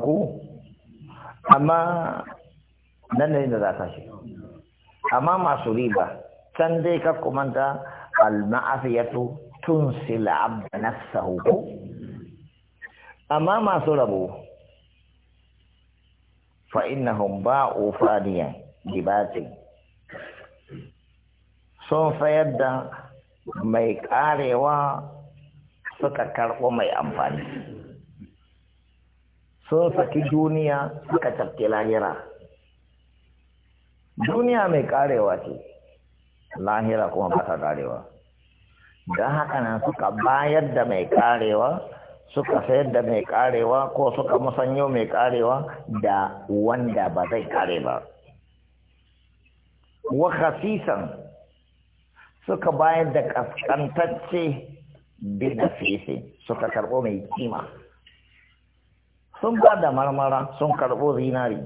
ko amma nan ne da za ta shi amma masu riba can dai ka kumanta al-ma'afiyatu sila abda nafsahu ko amma masu rabo fa innahum ba'u fadiyan dibatin sun sayar da mai karewa suka karɓo mai amfani sun saki duniya suka tafke lahira duniya mai karewa ce lahira kuma ba ta karewa don haka nan suka bayar da mai karewa suka sayar da mai karewa ko suka musanyo mai karewa da wanda ba zai kare ba wa suka bayar da kaskantacce bi da suka karɓo mai kima sun ba da marmara sun karɓo zinari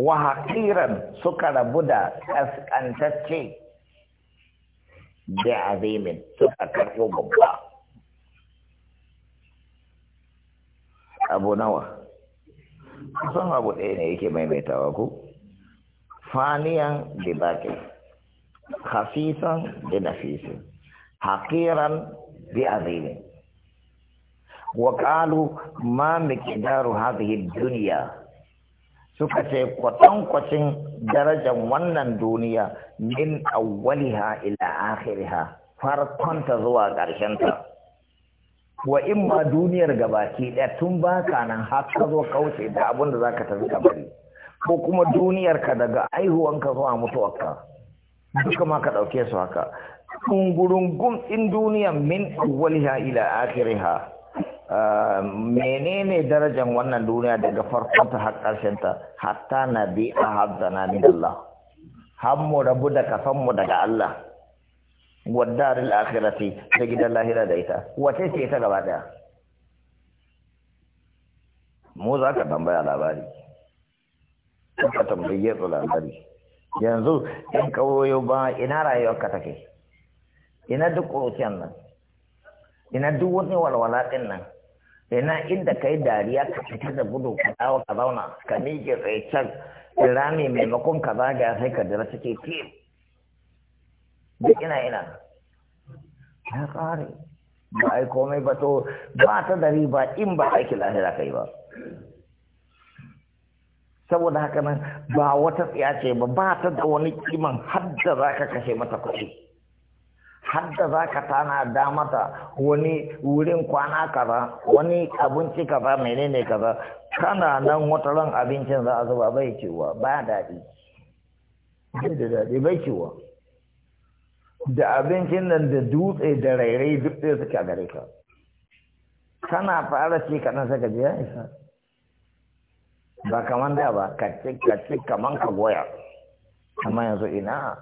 wa haƙiran suka rabu da ƙasƙantacce da azimin suka karɓo babba abu nawa kusan abu ɗaya ne yake maimaitawa ku faniyan da baƙi hafisan da nafisin haƙiran da azimin Waƙalu ma مقدار هذه duniya, suka ce kwatankwacin darajar wannan duniya min awwaliha ila akhiriha farkonta zuwa ƙarshenta wa in ma duniyar gabaki ɗaya tun baka nan har ka zo kauce da abin da ka tafi kamari ko kuma duniyar ka daga aihuwanka zuwa mutuwarka duka ma ka ɗauke su haka kungurungun in duniya min awwaliha ila akhiriha Ah, menene darajar wannan duniya daga farkon ta har ƙarshen ta hatta na bi a haddana min Allah har mu rabu da kafan mu daga Allah waddaril akhirati da gidan lahira da ita wace ce ta gaba daya mu za ka tambaya labari ka tambaye su labari yanzu in kawoyo ba ina rayuwarka take ina duk ƙociyar nan ina duk wani walwala din nan ina inda kai dariya ka fita da gudu ka dawo ka zauna ka miƙe tsaye can rami maimakon ka zaga sai ka dira suke ke duk ina ina ya ƙare ba ai komai ba to ba ta dari ba in ba aiki lahira kai ba saboda haka nan ba wata tsiya ce ba ba ta da wani kiman har da za ka kashe mata kuɗi hadda za ka tana da mata wani wurin kwana kaza wani abinci kaza menene kaza kana nan wata ran abincin za a zuba bai kiwa ba daɗi bai da daɗi bai kiwa da abincin nan da dutse da rairai duk ɗaya suke a gare ka kana fara ci kaɗan saka je ya isa ba kaman da ba ka ci ka kaman ka goya amma yanzu ina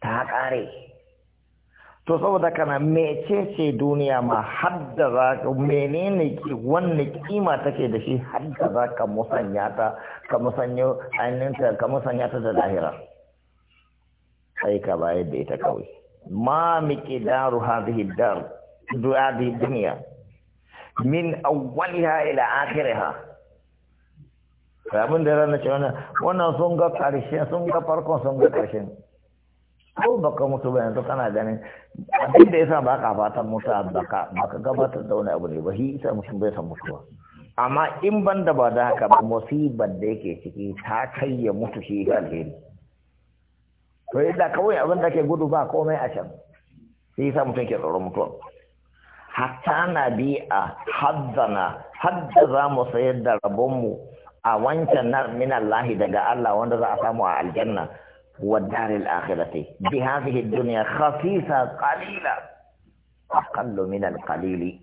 ta ƙare to saboda kana mece ce duniya ma hadda za ka menene wanne kima take da shi hadda za ka musanya ta ka musanyo ainihinta ka musanya ta da lahira sai ka bayar da ita kawai ma miƙi daru hadhihi dar du'a duniya min awwaliha ila akhiriha abin da ranar cewa wannan sun ga ƙarshen sun ga farkon sun ga ƙarshen ko baka mutu ba yanzu kana ganin abin da yasa baka fatan mutuwa baka baka gabatar da wani abu ne ba shi isa mutum bai san mutuwa amma in ban da ba da haka ba musibar da yake ciki ta kai ya mutu shi alheri to yadda kawai abin da ke gudu ba komai a can sai isa mutum ke tsoron mutuwa hatta na bi a haddana hadda za mu sayar da rabonmu a wancan na lahi daga Allah wanda za a samu a aljanna والدار الآخرة بهذه الدنيا خفيفة قليلة أقل من القليل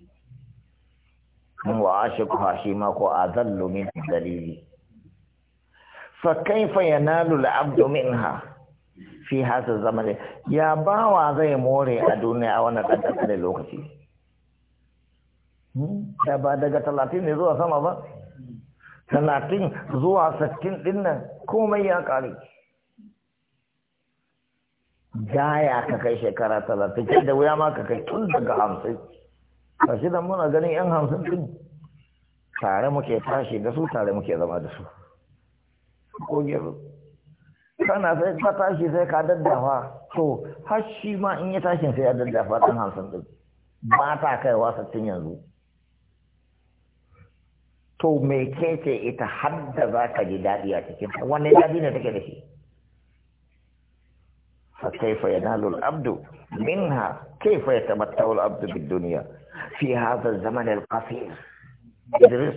وعاشقها شماخ أذل من الدليل فكيف ينال العبد منها في هذا الزمن يا باوا زي موري الدنيا وانا قد أكل da يا daga talatin ne zuwa sama زوها ستين zuwa sattin dinnan komai gaya ka kai shekara talatin kai da wuya ma ka kai tun daga hamsin ba shi nan muna ganin yan hamsin tun tare muke tashi da su tare muke zama da su ko gero kana sai ka tashi sai ka daddafa to har shi ma in yi tashin sai ya daddafa tun hamsin din. ba ta wasa tun yanzu to me ke ita har da za ka ji daɗi a cikin wani daɗi ne take da shi فكيف ينال العبد منها كيف يتمتع العبد بالدنيا في هذا الزمن القصير إدريس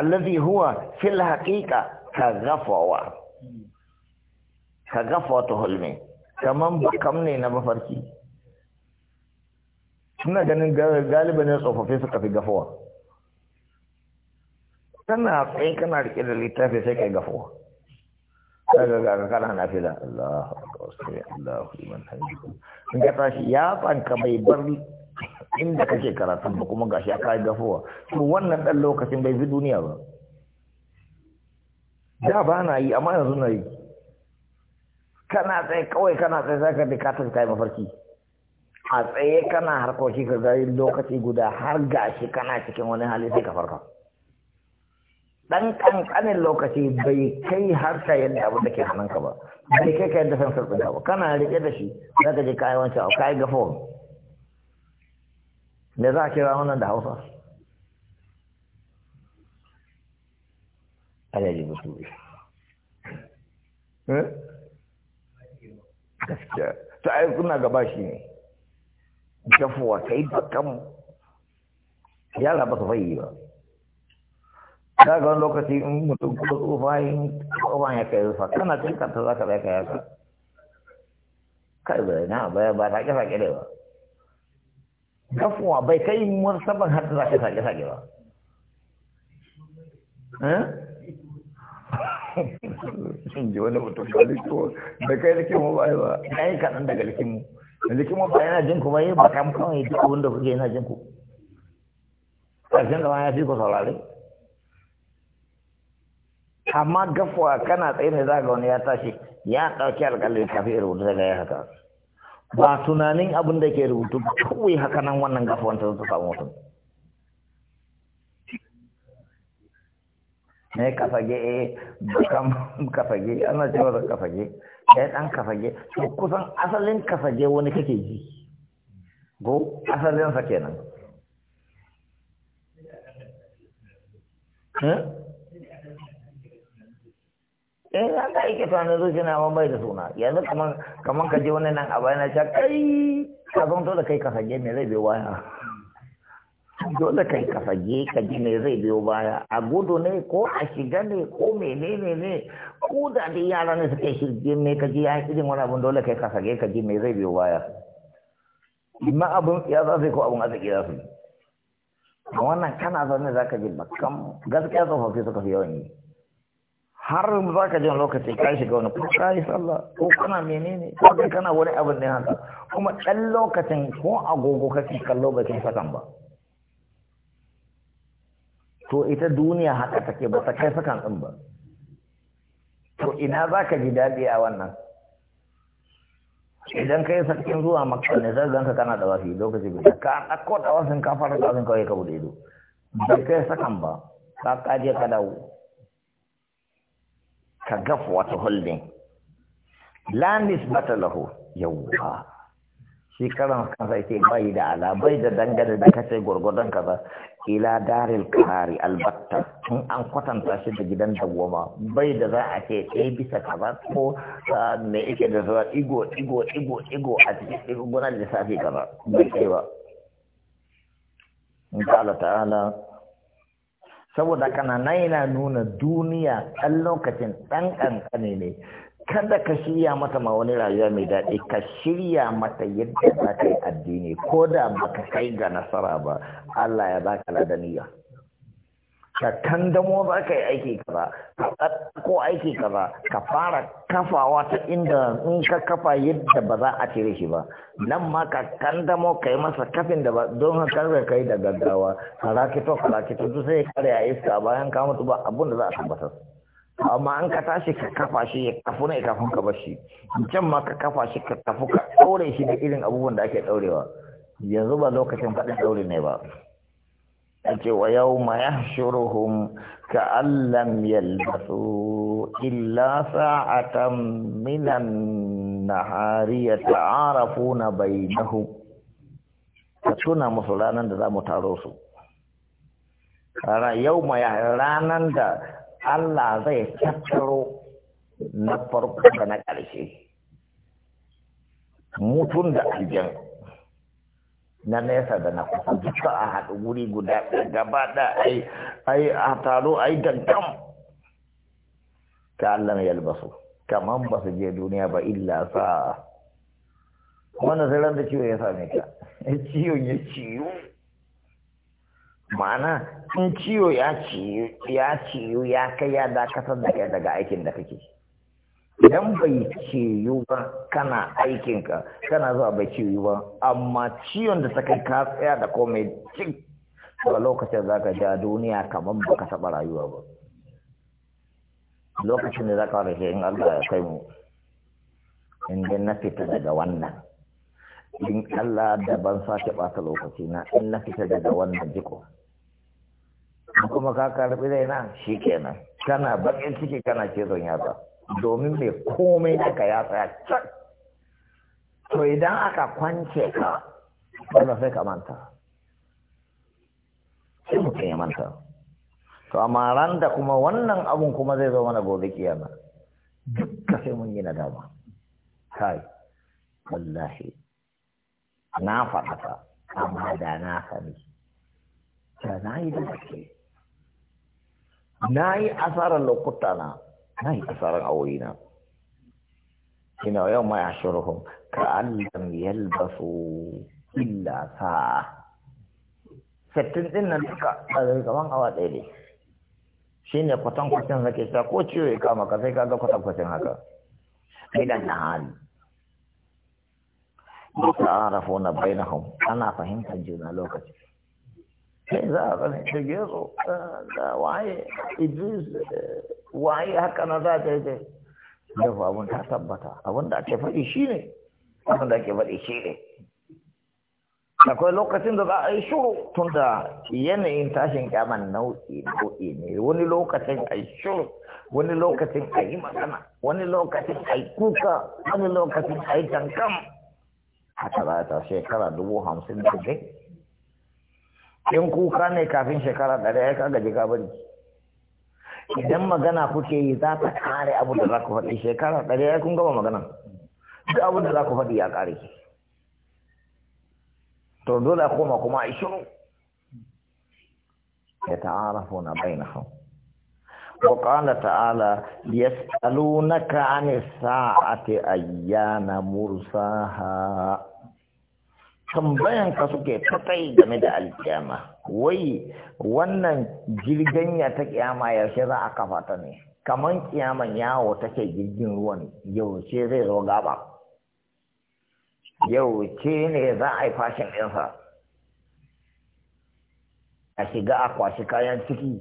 الذي هو في الحقيقة كغفوة كغفوة حلمي كمان بكمني نبفركي suna ganin galibin ya tsofaffi suka fi gafuwa kana tsaye kana rike da littafi سكة غفوة إيه kaga ga kana sai ka bai bar inda kake karatu ba kuma gashi aka gafowa to wannan dan lokacin bai bi duniya ba da ba na yi amma yanzu na yi kana tsaye kawai kana tsaye za ka dika ta kai mafarki a tsaye kana harkoki ka yi lokaci guda har gashi kana cikin wani hali sai ka farka dan kankanin lokaci bai kai har ka yadda abin da ke hannunka ba bai kai ka yadda san sarfin ba kana rike da shi za ka je yi wancan ka yi gafon Me za a kira wannan da hausa alaji musulmi eh? gaskiya ta ai kuna gaba shi ne gafuwa kai bakan yara ba su fayi ba ka ga wani lokaci in mutum kuma tsufa in tsoban ya kai rufa kana cin kanta za ka zaka yaka kai bai na baya ba ta kisa kire ba kafuwa bai kai mursaban har da za ka sake kire ba eh? sun ji wani mutum ba likimo bai kai likimu ba ba kai yi kaɗan daga likimu. Likimu ba yana jin ku ba yi eh, ba kam yi duk abin da kuke yana jin ku ƙarshen da ma ya fi ku saurare amma gafuwa kana tsaye ne za ga wani ya tashi ya ɗauki alƙalin kafin rubutu daga ya haka ba tunanin abin da ke rubutu kawai haka nan wannan gafuwan ta zuwa samu mutum ne kafage eh bukan kafage ana cewa da kafage ɗaya ɗan kafage to kusan asalin kafage wani kake ji go sa kenan eh? eh an ka ike tunanin zuciya na bai da suna yanzu kaman kaman ka je wani nan a bayan ta kai ka zanto da kai ka sage me zai biyo baya dole kai ka sage ka ji me zai biyo baya a gudu ne ko a shiga ne ko mene ne ko da dai yara ne suke shirye me ka ji ya irin wani abun dole kai ka sage ka ji me zai biyo baya ma abun ya za su ko abun arziki za su yi a wannan kana zaune za ka ji bakan gaskiya tsofaffi suka fi yawan yi har za ka jin lokaci ka shiga wani ko yi sallah ko kana menene ko kana wani abin ne haka kuma ɗan lokacin ko agogo kake kallo kin sakan ba to ita duniya haka take ba ta kai sakan din ba to ina za ka ji daɗi a wannan idan kai yi zuwa makka ne zai ganka kana da wasi lokaci ba ka akko da wasin ka fara da wasin kawai ka bude ido ba kai sakan ba ka kaje ka dawo ka gafa wata holding Lanis bata lahu yawwa shi karan kansa ke bai da ala bai da dangane da kace gwargwadon kaza ila daril qarari albatta tun an kwatanta shi da gidan dawoma bai da za a ce ɗaya bisa kaza ko me yake da zuwa igo igo igo igo a cikin igo gunan lissafi kaza bai kai ba in ta'ala saboda kana nan yana nuna duniya ɗan lokacin ɗan ƙanƙane ne kada ka shirya mata ma wani rayuwa mai daɗi ka shirya mata yadda za ka yi addini ko da ba ka kai ga nasara ba Allah ya baka ladaniya. ka kandamo za ka yi aiki kaza ka ko aiki kaza ka fara kafawa ta inda in ka kafa yadda ba za a cire shi ba nan ma ka kandamo ka yi masa kafin da ba don haka ka kai da gaggawa ka rakito ka rakito duk sai kare a iska bayan ka mutu ba abun da za a tabbatar amma an ka tashi ka kafa shi ya kafu ne kafin ka bar shi can ma ka kafa shi ka kafu ka ɗaure shi da irin abubuwan da ake ɗaurewa. yanzu ba lokacin faɗin ɗauri ne ba ake wa yau ma ya shuruhun ka allam yalbasu illa sa'atan minan nahari ya ta'arafu na bainahu ka tuna musu ranar da za mu taro su yau ma ya ranar da Allah zai tattaro na farko da na ƙarshe mutun da aljan na nesa da na kusa duka a haɗu guri guda ɗaya gaba ɗaya ai a taro ai dankam ka Allah mai yalbasu kamar ba su je duniya ba illa sa wannan sai da ciwo ya same ka ciwon ya ciwo ma'ana in ciwo ya ciwo ya kai ya dakatar da kai daga aikin da kake idan bai yi ba kana aikinka kana zuwa bai yi ba amma ciwon da ta kai ka tsaya da komai cik a lokacin za ka ja duniya kamar ba ka taɓa rayuwa ba lokacin da za ka rashe in allah ya kai mu in dai na fita daga wannan in allah da ban sake ɓata lokaci na in na fita daga wannan jiko kuma ka karɓi zaina shi kenan kana bakin ciki kana cizon yatsa domin mai komai daga ya tsaya can to idan aka kwance ka wanda sai ka manta sai mutum ya manta to amma ran da kuma wannan abun kuma zai zo mana gobe kiyama dukka sai mun yi na dama. kai wallahi na faɗa amma da na sani da na yi da na yi asarar lokuta na a yi asarar na? ina yau mai an ka'allam yalbasu illa sa sattin din nan duka ɗaga gaban awa ɗaya ne shi ne kwatan zake sa ko ciwo ya kama ka sai ka ga kwatan haka idan na hali ya ta'arafu na hau. ana fahimtar juna lokaci sai za a ganin shige da ah, waye idris eh, waye haka na za ta yi da abun ta tabbata abun da ake faɗi shi ne abun da ake faɗi shi ne akwai lokacin da za a yi shuru tun da yanayin tashin kyaman nau'i nau'i ne wani lokacin a yi shuru wani lokacin a yi magana wani lokacin a yi kuka wani lokacin a yi tankam haka za ta shekara dubu hamsin da in kuka ne kafin shekara ɗari ya kaga jika idan magana kuke yi za ta kare abu da za ku faɗi shekara ɗari ya kun gama magana duk abu da za ku faɗi ya kare to dole a koma kuma a shiru ya ta'arafu na baina hau وقال تعالى يسألونك عن الساعة أيان مرساها tambayan ka suke kai game da alkiyama wai wannan jirgin ya ta kiyama yaushe za a kafa ta ne kaman kiyaman yawo take jirgin ruwan yaushe zai zo gaba yaushe ne za a yi fashin ɗinsa a shiga a kwashi kayan ciki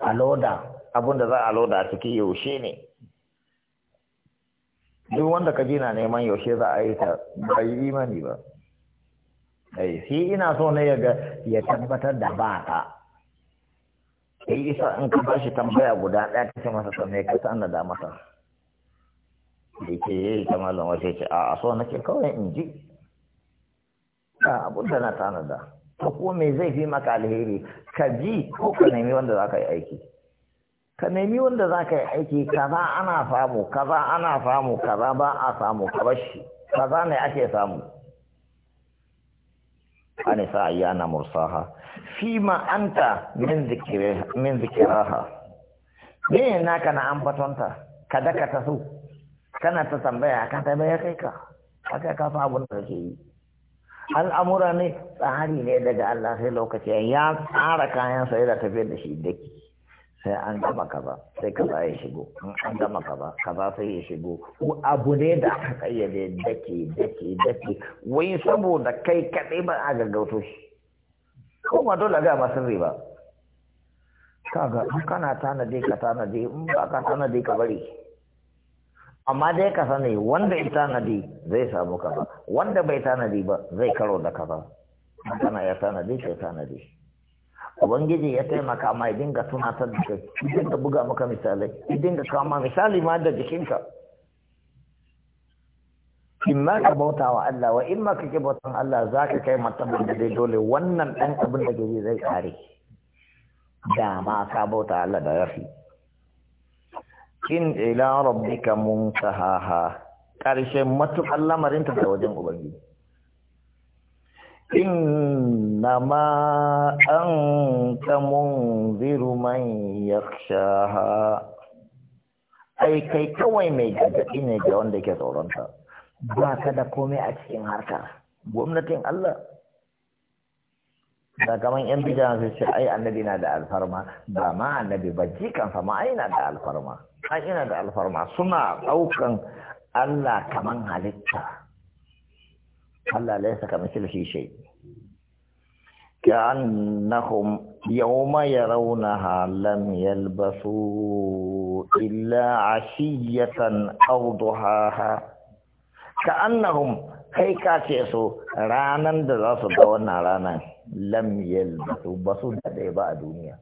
a loda abinda za a loda a ciki yaushe ne duk wanda ka na neman yaushe za a yi ta bai imani ba ai eh, shi ina so ne ya ya tabbatar da ba ka Ai, isa in ka bashi tambaya guda ɗaya ce masa sannan ka san da masa da ke yi ta malam wace ce a so nake kawai in ji a abun da na tanada to ko me zai fi maka alheri ka ji ko ka nemi wanda za ka yi aiki ka nemi wanda za ka yi aiki kaza ana samu kaza ana samu kaza ba a samu ka bashi, kaza ne ake samu ani sa ayyana mursaha fi ma anta min zikri min zikraha ne naka na ambatonta kada ka taso kana ta tambaya ta tambaya kai ka aka kafa abun da kake yi al'amura ne tsari ne daga Allah sai lokaci ya tsara kayan sai da tafiyar da shi daki sai an gama kaza sai kaza ya shigo an gama kaza kaza sai ya shigo abu ne da aka kayyade dake dake dake wai saboda kai kaɗai ba a gaggauto shi ko ma dole ga masu riba kaga in kana tanade ka tanade in ba ka tanade ka bari amma dai ka sani wanda ya tanadi zai samu kaza wanda bai tanadi ba zai karo da kaza kana ya tanade sai tanade ubangiji ya taimaka ma ya dinga tunatar da kai ya dinga buga maka misalai ya dinga kama misali ma da jikinka in ma ka bauta wa Allah wa in ma ka ke bautan Allah za ka kai martabar da dai dole wannan ɗan abin da gari zai tsare. da ma ka bauta Allah da rafi in ila rabbika muntahaha ƙarshen matuƙar lamarinta da wajen ubangiji إنما أنت منذر من يخشاها أي كي kawai mai gargaɗi ne ga wanda ke tsoronta ba ka komai a cikin harka gwamnatin Allah da kaman yan bijan su ce ai annabi na da alfarma ba ma annabi ba fa ma ai na da alfarma ai ina da alfarma suna ɗaukan Allah kaman halitta Allah laisa ka mislihi shay كأنهم يوم يرونها لم يلبثوا إلا عشية أو ضحاها كأنهم kai ka ce su ranan da za su ga wannan ranan lam yalbasu ba su daɗe ba a duniya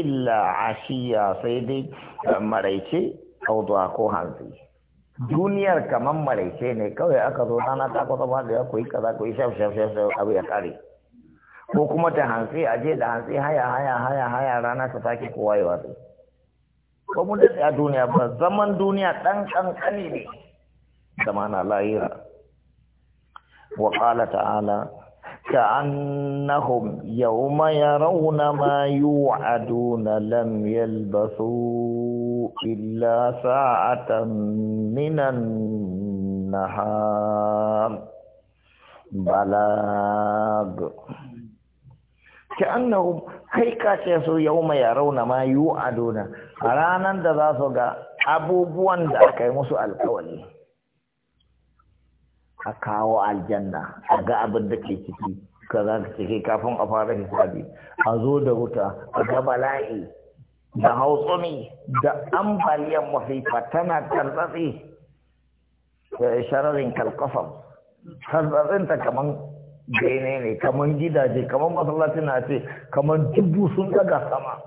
illa ashiya sai dai maraice auduwa ko hanzi duniyar kamar maraice ne kawai aka zo rana ta kwata ba da ya koyi kaza koyi shaf shaf shaf abu ya kare ko kuma ta hantsi a je da hantsi haya haya haya haya rana ta sake kowa ya wasu ko mun dace a duniya ba zaman duniya dan kankani ne zamana lahira wa qala ta'ala كأنهم يوم يرون ما يوعدون لم يلبثوا إلا ساعة من النهار بلاغ كأنهم kai kace su yauma ya rauna ma yu aduna a ranar da za su ga abubuwan da aka yi musu alkawali a kawo aljanna a ga abin da ke ciki ka za ka ciki kafin a fara hisabi a zo da wuta a ga bala'i da hautsumi da ambaliyan masifa tana tartsatsi shararin kalkafam ta kaman bene ne kaman gidaje kaman masallaci na ce kaman dubu sun daga sama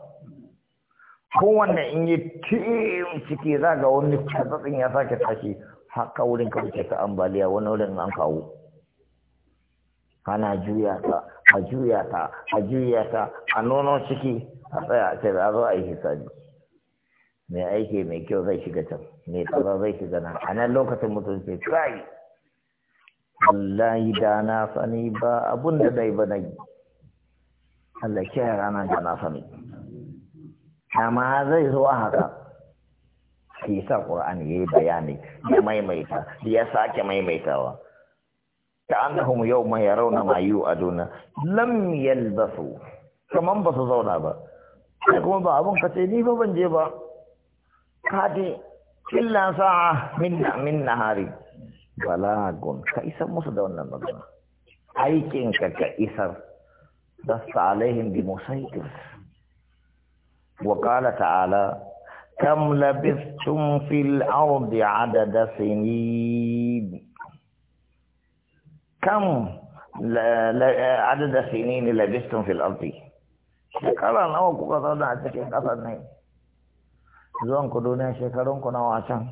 kowanne in yi tim ciki za ga wani tarzatsin ya sake tashi haka wurin kawai ta ambaliya wani wurin an kawo ana juya ta a juya ta a juya ta a nono ciki a tsaya a ce zo a yi hisabi mai aiki mai kyau zai shiga can mai tsaba zai shiga nan a nan lokacin mutum ce kai wallahi da na sani ba abun da dai ba nai Allah ke rana da na sani amma zai zo a haka shi sa Qur'ani yayi bayani ya maimaita ya sake maimaitawa كأنهم يوم يرون ما يوعدون لم يلبثوا كمان بس زونا با يقول با أبون كتيني بنجي با كادي إلا ساعة من من نهاري ولا قن كيسا مصدونا أي أيكين كيسر دست عليهم بمسيطر وقال تعالى كم لبثتم في الأرض عدد سنين كم لا لا عدد السنين اللي لبستم في الأرض قال أنا وكو قصد عدتك قصد نهي زوان كو دوني شكرون كنا واشان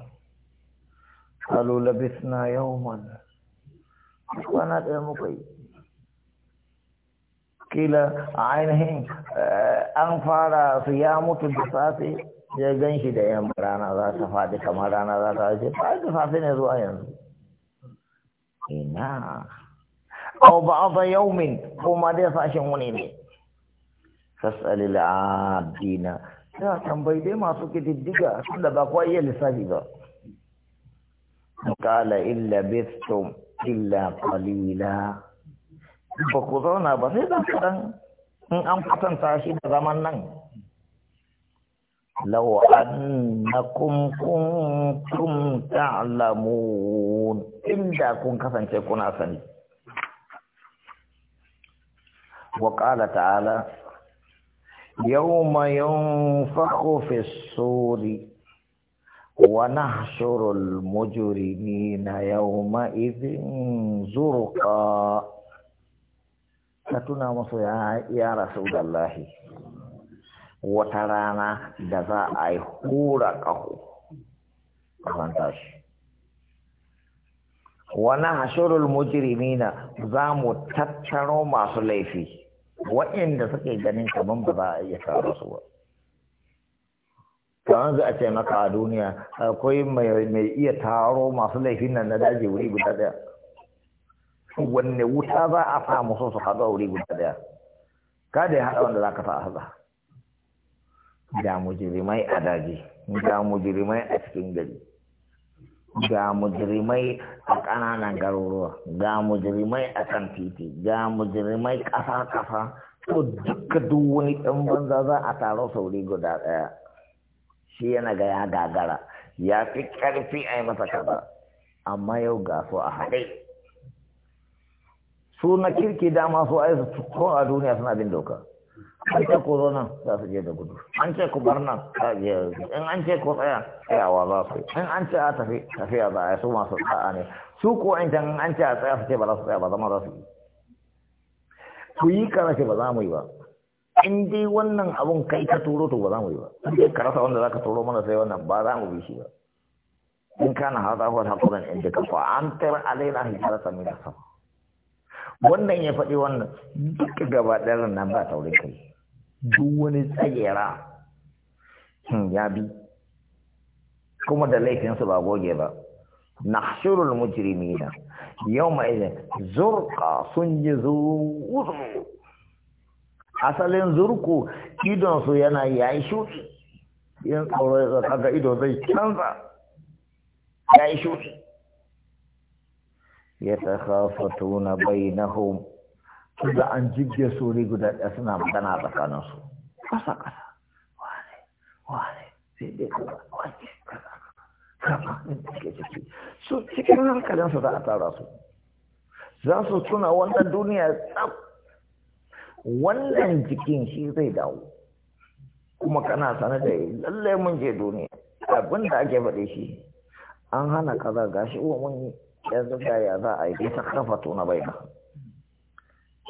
قالوا لبثنا يوما وانا تعمو كي كيلا عينه آه، انفارا صيامو تبساتي يا جنشي ده يا مرانا ذا سفادي كمرانا ذا تاجي فاجي فاسين يزوا ينزو إيه نعم. aw ba'da yawmin ko ma dai sashen wani ne fas'alil abdina ya tambayi dai masu kididdiga tunda ba kwa iya lissafi ba قال illa لبثتم illa قليلا ba ku zauna ba sai dan kaɗan in an kusanta shi da zaman nan law annakum kuntum ta'lamun inda kun kasance kuna sani وقال تعالى يوم ينفخ في الصور ونحشر المجرمين يومئذ زرقا فتنا يا رسول الله وترانا دزا اي ونحشر المجرمين زامو تترو ما سليفي Wa'inda suke ganin kaman ba za a iya tara su ba kamar za a ce maka a duniya akwai mai iya taro masu laifin nan na daji wuri guda daya wanne wuta za a sa musu su haɗu a wuri guda daya ka da ya haɗa wanda za ka sa a haɗa ga mujirimai a daji ga mujirimai a cikin gari ga mujrimai a ƙananan garuruwa ga mujrimai a kan titi ga mujrimai ƙasa-ƙasa to duka duk wani ɗan banza za a taro sauri guda ɗaya shi yana ga ya gagara ya fi ƙarfi a yi masa kaza amma yau ga su a haɗe su na kirki dama su a yi su a duniya suna bin doka an ce ku zo nan za su je da gudu an ce ku bar nan za su je da gudu in an ce ku tsaya tsayawa za su in an ce a tafi tafiya za a su masu tsaya ne su ko an can an ce a tsaya su ce ba za su tsaya ba zama za su yi ku yi kaza ce ba za mu yi ba in dai wannan abun kai ka turo to ba za mu yi ba in dai ka rasa wanda za ka turo mana sai wannan ba za mu bi shi ba in kana hada wa hakuran in ka fa an tar alaina hijrata min sama wannan ya faɗi wannan duka gaba ɗayan nan ba taurin kai duk wani tsagera hmm, ya bi kuma da laifinsu ba goge ba mujirimi na? Yau mai zurka sun yi zuru asalin zurku idonsu su yana yayi shuɗi yin tsoro kaga ido zai canza ya yayi shuɗi na bainahum da an jibge su ne guda ɗaya suna magana tsakanin su ƙasa ƙasa wane wane sai dai kaza wane kaza kaza in ke ciki su cikin hankalin su za a tara su za su tuna wannan duniya tsaf wannan jikin shi zai dawo kuma kana sane da lallai mun je duniya abin da ake faɗe shi an hana kaza gashi uwa mun yi yanzu ga ya za a yi ta kafa tona bai ka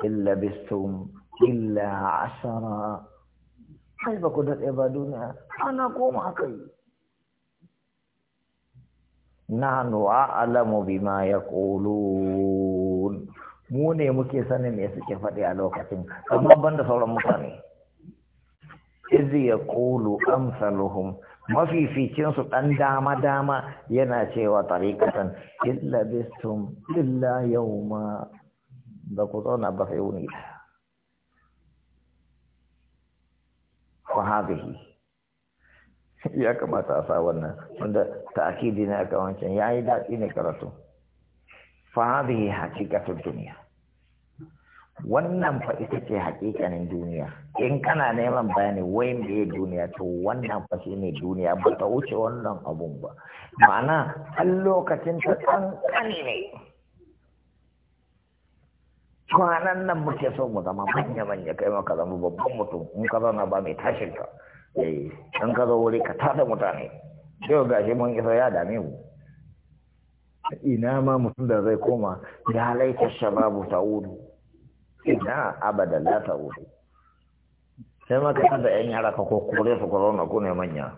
in labistum illa ashara kai ba ku daɗe ba duniya ana koma haka yi nahnu a'lamu bima yaqulun mu ne muke sanin me suke faɗi a lokacin amma banda sauran mutane izi yaqulu amsaluhum mafificin su dan dama dama yana cewa tariqatan illa bistum illa yawma da ku zauna ba sai wuni wahabihi ya kamata a sa wannan wanda ta'kidi ne aka wancan yayi daɗi ne karatu fahabihi hakikatun duniya wannan fa ita ce hakikanin duniya in kana neman bayani wai ya duniya to wannan fa shi ne duniya ba ta wuce wannan abun ba ma'ana an lokacin ta kankani ne kwanan nan muke so mu zama manya manya kai maka zama babban mutum in ka zauna ba mai tashin ka eh in ka zo wuri ka tada mutane yau gashi mun isa ya dame mu ina ma mutum da zai koma ya laita shababu ta wudu ina abada la ta wudu sai ka tada yan yara ka ko kore su corona ko ne manya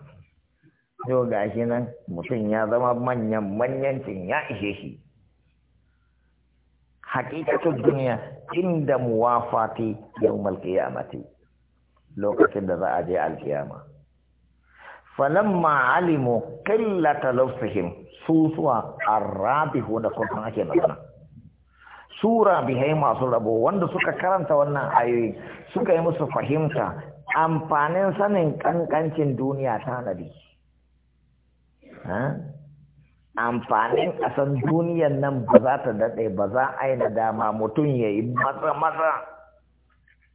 yau gashi nan mutum ya zama manyan manyancin ya ishe shi haqiqatul duniya inda muwafati yawmal qiyamati lokacin da za a je alkiyama falamma alimu qillata lafsihim su suwa arrabihu da kuma ake magana sura bihai masu rabo wanda suka karanta wannan ayoyi suka yi musu fahimta amfanin sanin ƙanƙancin duniya ta nabi. amfanin kasan duniyan nan ba za ta daɗe ba za a yi nadama mutum ya yi maza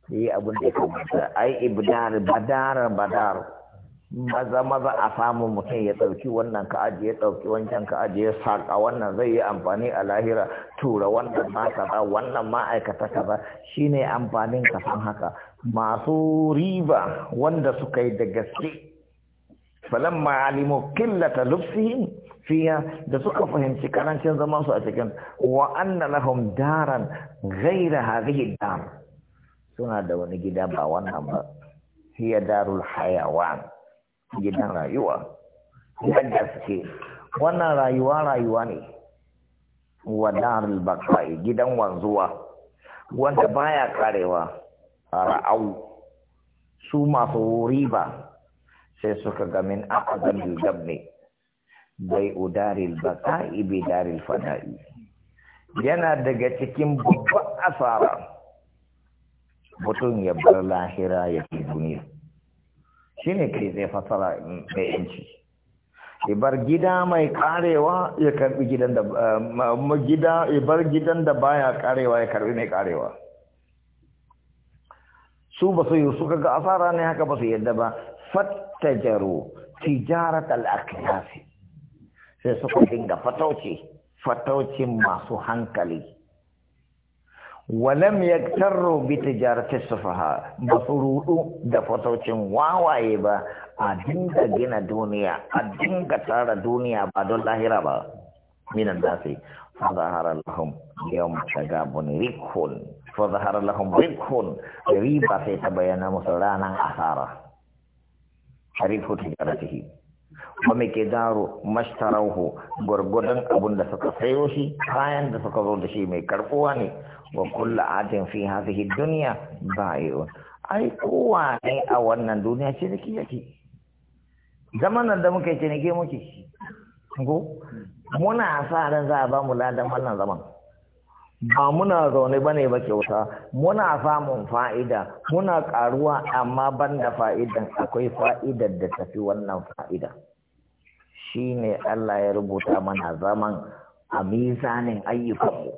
da yi abin da ya kamata a yi ibdar badar badar maza maza a samu mutum ya ɗauki wannan ka ajiye ɗauki wancan ka ajiye saƙa wannan zai yi amfani a lahira tura wannan ma kaza wannan ma'aikata kaza shine amfanin kasan haka masu riba wanda suka yi da gaske falamma alimu qillata lubsihim fiya da suka fahimci karancin zaman su a cikin wa anna lahum daran ghayra hadhihi dar suna da wani gida ba wannan ba hiya darul hayawan gidan rayuwa yadda suke wannan rayuwa rayuwa ne wa darul baqa'i gidan wanzuwa wanda baya karewa ra'au su masu riba sai suka ga min aqdal gabni bai udaril baqa'i bi daril fada'i yana daga cikin babban asara mutum ya bar lahira ya fi duniya shine kai zai fasara mai yanci bar gida mai karewa ya karbi gidan da eh, gida bar gidan da baya karewa ya karbi mai karewa su ba su yi suka ga asara ne haka ba su yadda ba fat tajaru tijarat al-akhyasi sai suka dinga fatauci fataucin masu hankali walam yaktaru bi tijarati sufaha ba su da fataucin wawaye ba a dinga gina duniya a dinga tara duniya ba don lahira ba minan nasi fadahara lahum yawm tagabun rikhun lahum rikhun riba sai ta bayyana musu ranar asara tarifu tijaratihi wa miqdaru mashtarawhu gurgudan abun da suka sayo shi kayan da suka zo da shi mai karbuwa ne wa kullu adin fi hadhihi dunya bai'un ai kowa ne a wannan duniya ce nake yake zamanin da muke ciniki nake muke ko muna sa ran za a ba mu ladan wannan zaman ba muna zaune bane ba kyauta muna samun fa'ida muna karuwa amma ban da fa'idan akwai fa'idar da tafi wannan fa'ida shine Allah ya rubuta mana zaman a mizanin ayyukanmu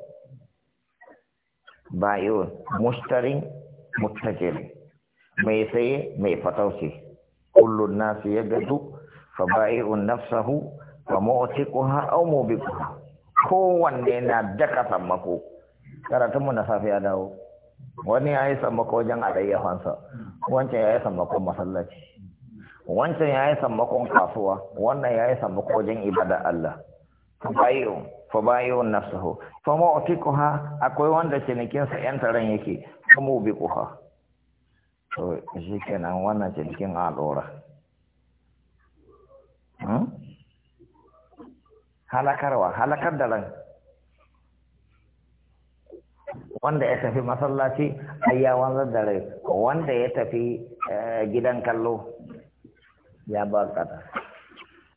ba yau mustarin muttajirin mai saye mai fatauci kullum nasu ya gadu fa ba'i'un nafsahu fa mu'tiquha aw mubiquha kowanne na daka sammako karatunmu na safe ya dawo wani ya yi sammako wajen alayyafansa wancan ya yi sammakon masallaci wancan ya yi sammakon kasuwa wannan ya yi sammako wajen ibada Allah bayo fa bayo nafsuhu fa ha akwai wanda cinikin sa yan taron yake kuma ubiquha to kenan wannan cinikin a dora hmm? halakarwa halakar da ran wanda ya tafi masallaci ai ya wanzar da rai wanda ya tafi eh, gidan kallo ya ba kada